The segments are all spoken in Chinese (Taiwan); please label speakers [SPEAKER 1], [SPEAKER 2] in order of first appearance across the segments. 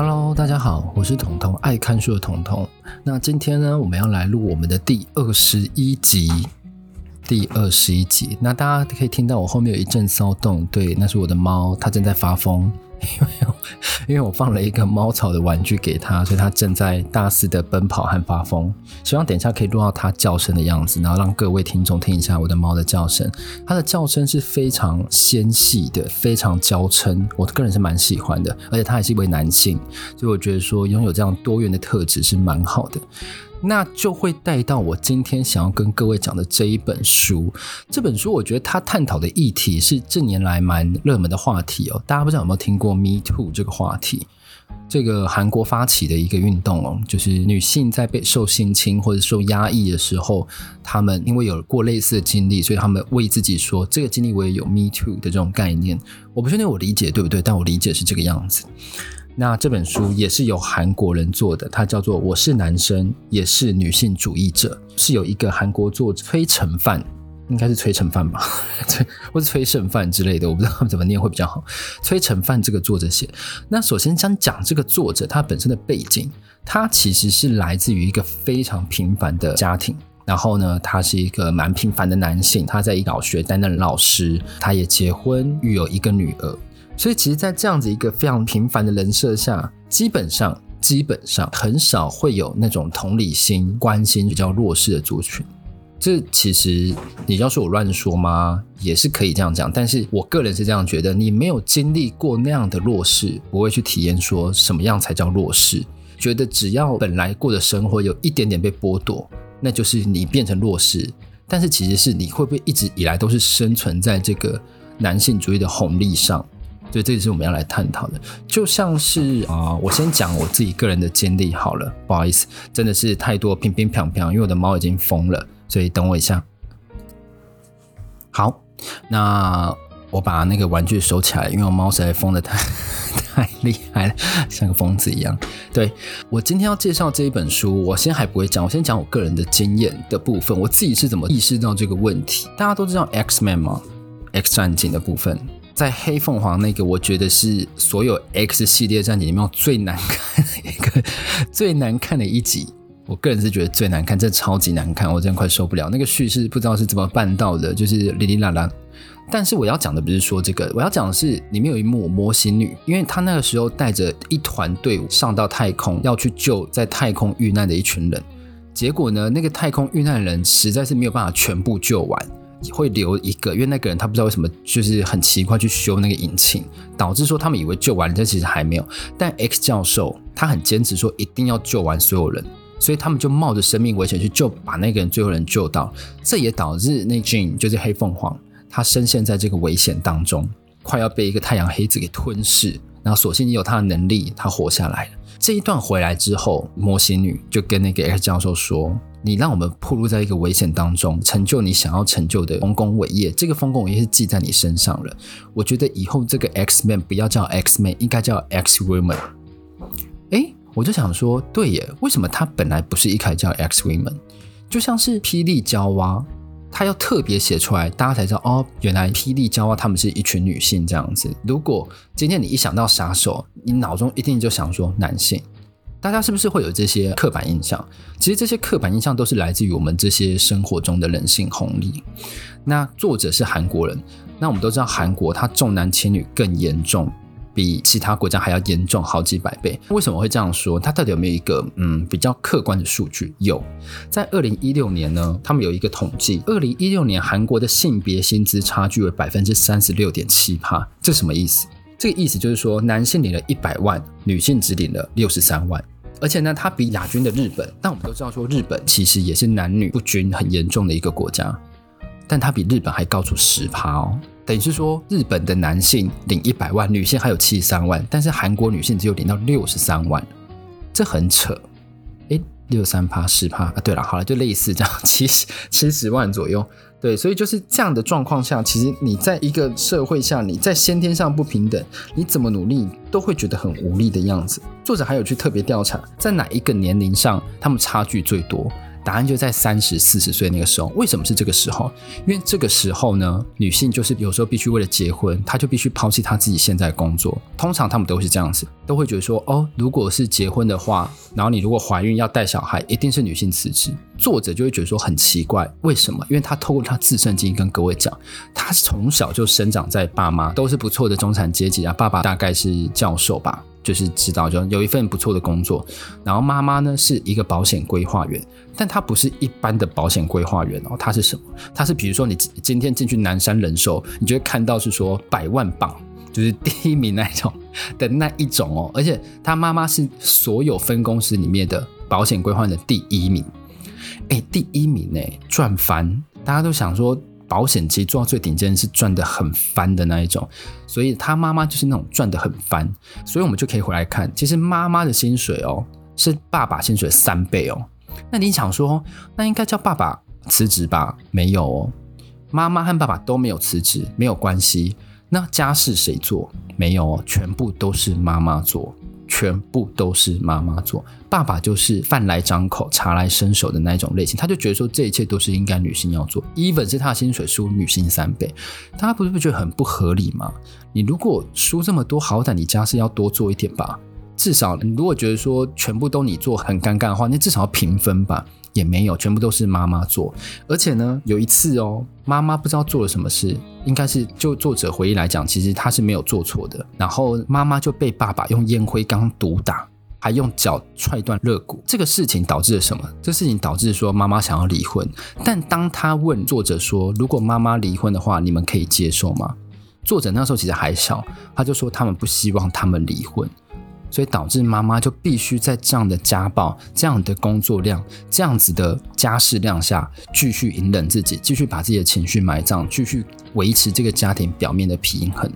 [SPEAKER 1] Hello，大家好，我是統統，愛看書的統統。那今天呢，我們要來錄我們的第二十一集。第二十一集，那大家可以聽到我後面有一陣騷動，對，那是我的貓，它正在發瘋，因為。因為我放了一個貓草的玩具給他，所以他正在大肆的奔跑和發瘋。希望等一下可以錄到他叫聲的樣子，然後讓各位聽眾聽一下我的貓的叫聲。它的叫聲是非常纖細的，非常嬌嗔，我個人是蠻喜歡的。而且它也是一位男性，所以我覺得說擁有這樣多元的特質是蠻好的。那就會帶到我今天想要跟各位講的這一本書。這本書我覺得它探討的議題是近年來蠻熱門的話題哦。大家不知道有沒有聽過 “Me Too” 這個話題？這個韓國發起的一個運動哦，就是女性在被受性侵或者受壓抑的時候，她們因為有過類似的經歷，所以她們為自己說：“這個經歷我也有。”Me Too 的這種概念，我不確定我理解對不對，但我理解是這個樣子。那這本書也是由韓國人做的，它叫做《我是男生，也是女性主義者》，是有一個韓國作者崔成範，應該是崔成范吧，對，或是崔勝範之類的，我不知道怎麼念會比較好。崔成範這個作者寫，那首先想講這個作者他本身的背景，他其實是來自於一個非常平凡的家庭，然後呢，他是一個蠻平凡的男性，他在一小學擔任老師，他也結婚育有一個女兒。所以，其實，在這樣子一個非常平凡的人設下，基本上基本上很少會有那種同理心、關心比較弱勢的族群。這其實你要說我亂說嗎？也是可以這樣講。但是，我個人是這樣覺得：你沒有經歷過那樣的弱勢，不會去體驗說什麼樣才叫弱勢。覺得只要本來過的生活有一點點被剝奪，那就是你變成弱勢。但是，其實是你會不會一直以來都是生存在這個男性主義的紅利上？所以，這也是我們要來探討的。就像是啊、呃，我先講我自己個人的經歷好了。不好意思，真的是太多乒乒乓乓，因為我的貓已經瘋了，所以等我一下。好，那我把那個玩具收起來，因為我貓實在瘋得太太厲害了，像個瘋子一樣。對，我今天要介紹這一本書，我先還不會講，我先講我個人的經驗的部分，我自己是怎麼意識到這個問題。大家都知道 X-Men 嗎？X 戰警的部分。在黑鳳凰那個，我覺得是所有 X 系列戰警裡面最難看的一個最難看的一集，我個人是覺得最難看，這超級難看，我真的快受不了。那個敘事不知道是怎麼辦到的，就是哩哩啦啦。但是我要講的不是說這個，我要講的是裡面有一幕魔形女，因為她那個時候帶着一團隊伍上到太空，要去救在太空遇難的一群人，結果呢，那個太空遇難的人實在是沒有辦法全部救完。會留一個，因為那個人他不知道為什麼，就是很奇怪去修那個引擎，導致說他們以為救完了，但其實還沒有。但 X 教授他很堅持說一定要救完所有人，所以他們就冒着生命危險去救，把那個人最後人救到。這也導致那 Jean 就是黑鳳凰，他深陷，陷在這個危險當中，快要被一個太陽黑子給吞噬。然後所幸也有他的能力，他活下來了。這一段回來之後，魔形女就跟那個 X 教授說。你讓我們暴露在一個危險當中，成就你想要成就的豐功偉業，這個豐功偉業是記在你身上了。我覺得以後這個 X Men 不要叫 X Men，應該叫 X Women。哎，我就想說，對耶，為什麼他本來不是一開始叫 X Women？就像是霹靂嬌娃，他要特別寫出來，大家才知道哦，原來霹靂嬌娃他們是一群女性這樣子。如果今天你一想到殺手，你腦中一定就想說男性。大家是不是會有這些刻板印象？其實這些刻板印象都是來自於我們這些生活中的人性紅利。那作者是韓國人，那我們都知道韓國他重男輕女更嚴重，比其他國家還要嚴重好幾百倍。為什麼會這樣說？他到底有沒有一個嗯比較客觀的數據？有，在二零一六年呢，他們有一個統計，二零一六年韓國的性別薪資差距為百分之三十六點七趴，這什麼意思？這個意思就是說，男性領了一百萬，女性只領了六十三萬，而且呢，它比亞軍的日本。但我們都知道說，日本其實也是男女不均很嚴重的一個國家，但它比日本還高出十趴哦，等於是說，日本的男性領一百萬，女性還有七十三萬，但是韓國女性只有領到六十三萬，這很扯。哎，六三趴，十趴啊。對了，好了，就類似這樣，七十七十萬左右。對，所以就是這樣的狀況下，其實你在一個社會下，你在先天上不平等，你怎麼努力都會覺得很無力的樣子。作者還有去特別調查，在哪一個年齡上他們差距最多，答案就在三十四十歲那個時候。為什麼是這個時候？因為這個時候呢，女性就是有時候必須為了結婚，她就必須拋棄她自己現在工作。通常他們都是這樣子，都會覺得說，哦，如果是結婚的話，然後你如果懷孕要帶小孩，一定是女性辭職。作者就會覺得說很奇怪，為什麼？因為她透過她自身經歷跟各位講，她從小就生長在爸媽都是不錯的中產階級啊，爸爸大概是教授吧。就是知道，就有一份不錯的工作。然後媽媽呢是一個保險規劃員，但她不是一般的保險規劃員哦，她是什麼？她是比如說你今天進去南山人壽，你就會看到是說百萬榜，就是第一名那一種的那一種哦。而且她媽媽是所有分公司裡面的保險規劃的第一名，哎，第一名哎，賺翻！大家都想說。保險其實做到最頂尖是賺得很翻的那一種，所以他媽媽就是那種賺得很翻，所以我們就可以回來看，其實媽媽的薪水哦、是爸爸薪水的三倍哦。那你想說，那應該叫爸爸辭職吧？沒有哦，媽媽和爸爸都沒有辭職，沒有關係。那家事誰做？沒有哦，全部都是媽媽做。全部都是媽媽做，爸爸就是飯來張口、茶來伸手的那一種類型。他就覺得說，這一切都是應該女性要做，even 是他的薪水輸女性三倍，大家不是不覺得很不合理嗎？你如果輸這麼多，好歹你家事要多做一點吧。至少，你如果覺得說全部都你做很尷尬的話，那至少要平分吧。也沒有全部都是媽媽做，而且呢，有一次哦，媽媽不知道做了什麼事，應該是就作者回憶來講，其實她是沒有做錯的。然後媽媽就被爸爸用煙灰缸毒打，還用腳踹斷肋骨。這個事情導致了什麼？這事情導致說媽媽想要離婚。但當她問作者說，如果媽媽離婚的話，你們可以接受嗎？作者那時候其實還小，他就說他們不希望他們離婚。所以導致媽媽就必須在這樣的家暴、這樣的工作量、這樣子的家事量下，繼續隱忍自己，繼續把自己的情緒埋葬，繼續維持這個家庭表面的平衡。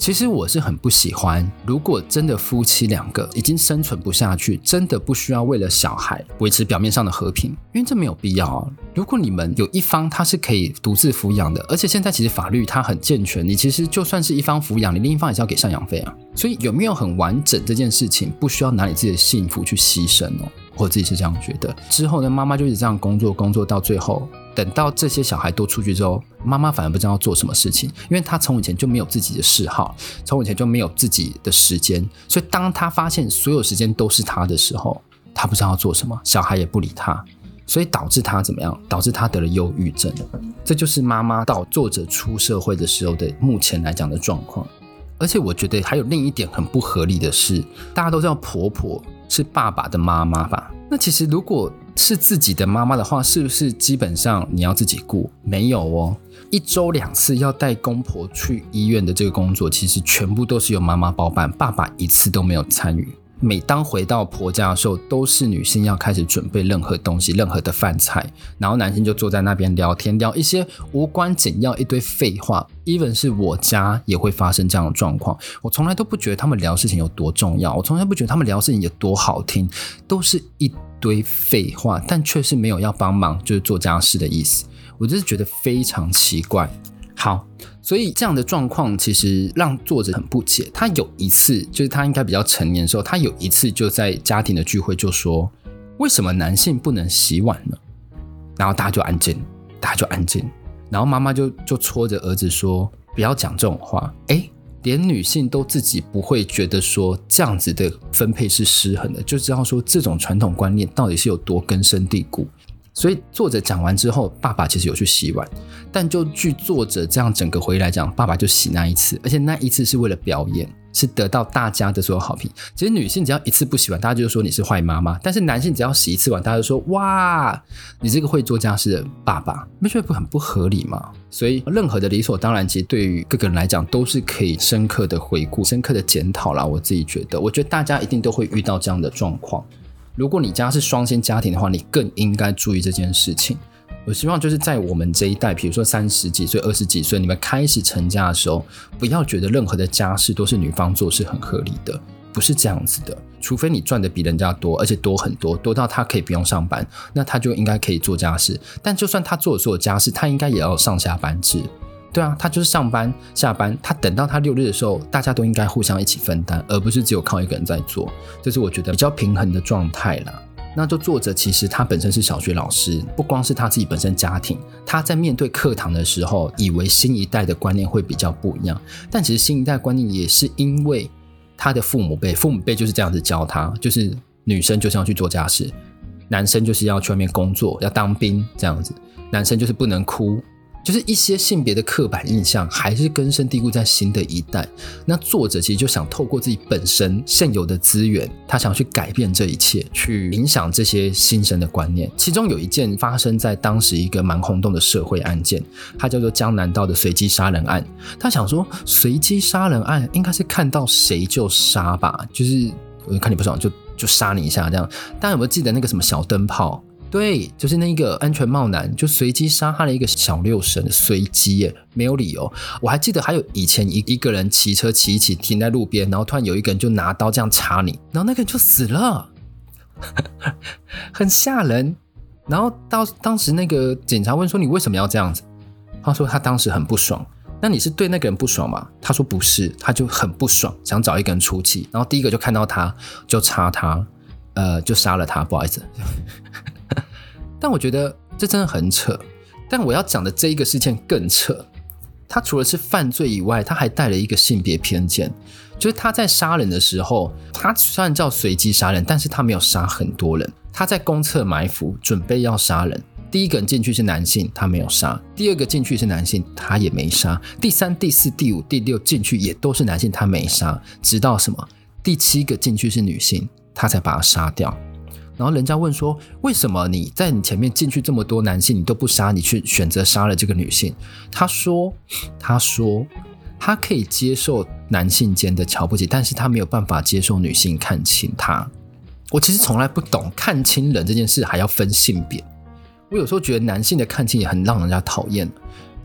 [SPEAKER 1] 其實我是很不喜歡，如果真的夫妻兩個已經生存不下去，真的不需要為了小孩維持表面上的和平，因為這沒有必要啊。如果你們有一方他是可以獨自撫養的，而且現在其實法律它很健全，你其實就算是一方撫養，你另一方也是要給贍養費啊。所以有沒有很完整這件事情，不需要拿你自己的幸福去犧牲哦，我自己是這樣覺得。之後呢，媽媽就一直這樣工作，工作到最後。等到這些小孩都出去之後，媽媽反而不知道要做什麼事情，因為她從以前就沒有自己的嗜好，從以前就沒有自己的時間，所以當她發現所有時間都是她的時候，她不知道要做什麼，小孩也不理她，所以導致她怎麼樣？導致她得了憂鬱症。這就是媽媽到作者出社會的時候的目前來講的狀況。而且我覺得還有另一點很不合理的是，大家都知道婆婆是爸爸的媽媽吧？那其實如果。是自己的媽媽的話，是不是基本上你要自己顧？沒有哦，一周兩次要帶公婆去醫院的這個工作，其實全部都是由媽媽包辦，爸爸一次都沒有參與。每當回到婆家的時候，都是女性要開始準備任何東西、任何的飯菜，然後男性就坐在那邊聊天，聊一些無關緊要一堆廢話。Even 是我家也會發生這樣的狀況，我從來都不覺得他們聊事情有多重要，我從來不覺得他們聊事情有多好聽，都是一。堆廢話，但卻是沒有要幫忙，就是做家事的意思。我就是覺得非常奇怪。好，所以這樣的狀況其實讓作者很不解。他有一次，就是他應該比較成年的時候，他有一次就在家庭的聚會就說：“為什麼男性不能洗碗呢？”然後大家就安靜，大家就安靜。然後媽媽就就搓着兒子說：“不要講這種話。誒”哎。連女性都自己不會覺得說這樣子的分配是失衡的，就知道說這種傳統觀念到底是有多根深蒂固。所以作者講完之後，爸爸其實有去洗碗，但就據作者這樣整個回憶來講，爸爸就洗那一次，而且那一次是為了表演。是得到大家的所有好評。其實女性只要一次不洗碗，大家就說你是壞媽媽；但是男性只要洗一次碗，大家就說哇，你這個會做家事的爸爸。沒覺得不很不合理嗎？所以任何的理所當然，其實對於各個人來講都是可以深刻的回顧、深刻的檢討啦。我自己覺得，我覺得大家一定都會遇到這樣的狀況。如果你家是雙薪家庭的話，你更應該注意這件事情。我希望就是在我們這一代，比如說三十幾歲、二十幾歲，你們開始成家的時候，不要覺得任何的家事都是女方做是很合理的，不是這樣子的。除非你賺的比人家多，而且多很多，多到他可以不用上班，那他就應該可以做家事。但就算他做所有家事，他應該也要上下班制。對啊，他就是上班下班。他等到他六日的時候，大家都應該互相一起分擔，而不是只有靠一個人在做。這是我覺得比較平衡的狀態了。那就作者其實他本身是小學老師，不光是他自己本身家庭，他在面對課堂的時候，以為新一代的觀念會比較不一樣，但其實新一代觀念也是因為他的父母輩，父母輩就是這樣子教他，就是女生就是要去做家事，男生就是要去外面工作，要當兵這樣子，男生就是不能哭。就是一些性別的刻板印象還是根深蒂固在新的一代。那作者其實就想透過自己本身現有的資源，他想去改變這一切，去影響這些新生的觀念。其中有一件發生在當時一個蠻轟動的社會案件，它叫做江南道的隨機殺人案。他想說，隨機殺人案應該是看到誰就殺吧，就是我看你不爽就就殺你一下這樣。大家有沒有記得那個什麼小燈泡？對，就是那個安全帽男，就隨機殺害了一個小六生，隨機耶，沒有理由。我還記得還有以前一一個人騎車騎一騎停在路邊，然後突然有一個人就拿刀這樣插你，然後那個人就死了， 很嚇人。然後到當時那個警察問說，你為什麼要這樣子，他說他當時很不爽。那你是對那個人不爽嗎？他說不是，他就很不爽，想找一個人出氣。然後第一個就看到他就插他，呃，就殺了他，不好意思。 但我覺得這真的很扯。但我要講的這一個事件更扯，他除了是犯罪以外，他還帶了一個性別偏見。就是他在殺人的時候，他算叫隨機殺人，但是他沒有殺很多人。他在公廁埋伏，準備要殺人。第一個人進去是男性，他沒有殺；第二個進去是男性，他也沒殺；第三、第四、第五、第六進去也都是男性，他沒殺。直到什麼？第七個進去是女性，他才把他殺掉。然後人家問說：“為什麼你在你前面進去這麼多男性，你都不殺，你去選擇殺了這個女性？”他說：“他說，他可以接受男性間的瞧不起，但是他沒有辦法接受女性看清他。我其實從來不懂看清人這件事還要分性別。我有時候覺得男性的看清也很讓人家討厭，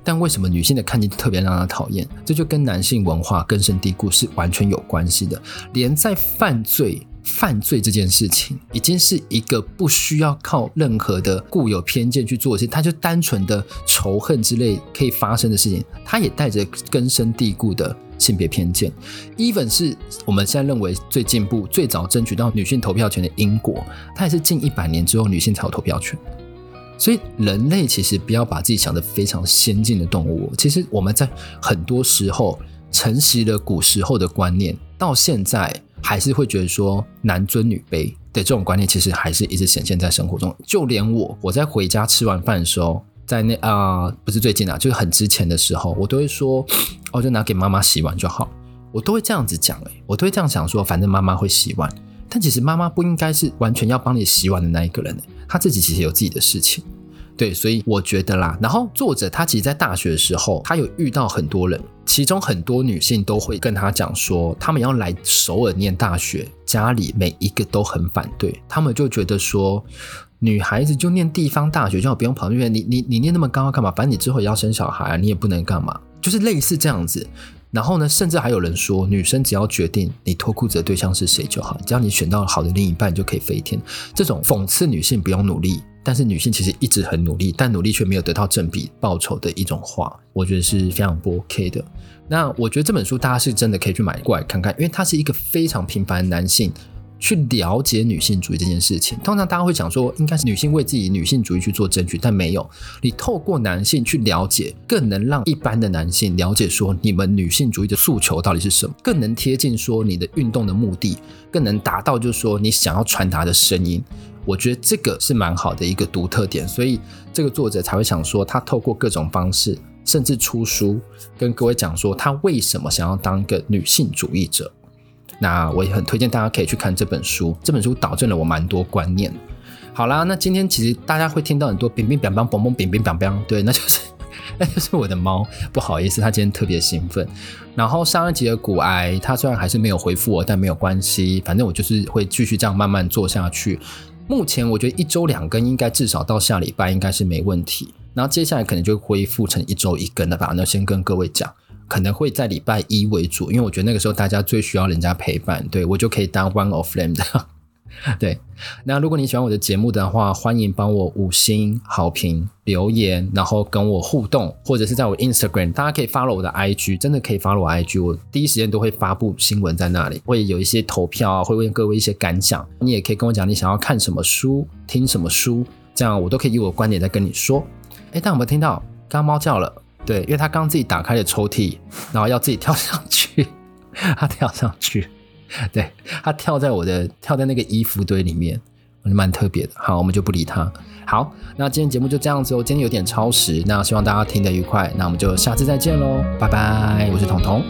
[SPEAKER 1] 但為什麼女性的看清特別讓人家討厭？這就跟男性文化根深蒂固是完全有關係的。連在犯罪。”犯罪這件事情已經是一個不需要靠任何的固有偏見去做事，它就單純的仇恨之類可以發生的事情，它也帶着根深蒂固的性別偏見。even 是我們現在認為最進步、最早爭取到女性投票權的英國，它也是近一百年之後女性才有投票權。所以人類其實不要把自己想得非常先進的動物，其實我們在很多時候承襲了古時候的觀念，到現在。還是會覺得說男尊女卑的這種觀念，其實還是一直顯現在生活中。就連我，我在回家吃完飯的時候，在那啊、呃，不是最近啊，就是很之前的時候，我都會說，哦，就拿給媽媽洗碗就好。我都會這樣子講，哎，我都會這樣想說，反正媽媽會洗碗。但其實媽媽不應該是完全要幫你洗碗的那一個人，她自己其實有自己的事情。對，所以我覺得啦，然後作者他其實，在大學的時候，他有遇到很多人，其中很多女性都會跟他講說，他們要來首爾念大學，家裡每一個都很反對，他們就覺得說，女孩子就念地方大學，就不用跑那麼遠，你你你念那麼高幹嘛？反正你之後也要生小孩，你也不能幹嘛，就是類似這樣子。然後呢，甚至還有人說，女生只要決定你脫褲子的對象是誰就好，只要你選到好的另一半就可以飛天。這種諷刺女性不用努力。但是女性其實一直很努力，但努力卻沒有得到正比報酬的一種話，我覺得是非常不 OK 的。那我覺得這本書大家是真的可以去買過來看看，因為它是一個非常平凡的男性去了解女性主義這件事情。通常大家會講說，應該是女性為自己女性主義去做爭取，但沒有。你透過男性去了解，更能讓一般的男性了解說你們女性主義的訴求到底是什麼，更能貼近說你的運動的目的，更能達到就是說你想要傳達的聲音。我覺得這個是蠻好的一個獨特點，所以這個作者才會想說，他透過各種方式，甚至出書，跟各位講說他為什麼想要當個女性主義者。那我也很推薦大家可以去看這本書，這本書導正了我蠻多觀念。好啦，那今天其實大家會聽到很多“乒乒乒乒”“嘣嘣乒乒乒乒”，對，那就是那就是我的貓，不好意思，它今天特別興奮。然後上一集的股癌，它雖然還是沒有回覆我，但沒有關係，反正我就是會繼續這樣慢慢做下去。目前我覺得一周兩更應該至少到下禮拜應該是沒問題，然後接下來可能就恢復成一周一更了吧。那先跟各位講，可能會在禮拜一為主，因為我覺得那個時候大家最需要人家陪伴，對，我就可以當 one of them 的。對，那如果你喜歡我的節目的話，歡迎幫我五星好評、留言，然後跟我互動，或者是在我 Instagram，大家可以 follow 我的 IG，真的可以 follow 我 IG，我第一時間都會發布新聞在那裡，會有一些投票啊，會問各位一些感想，你也可以跟我講你想要看什麼書、聽什麼書，這樣我都可以以我的觀點再跟你說。哎，但我們聽到剛剛貓叫了，對，因為它剛自己打開了抽屜，然後要自己跳上去，它跳上去，對，它跳在我的跳在那個衣服堆裡面，我就蠻特別的。好，我們就不理它。好，那今天節目就這樣子哦，我今天有點超時，那希望大家聽得愉快。那我們就下次再見嘍，拜拜，我是彤彤。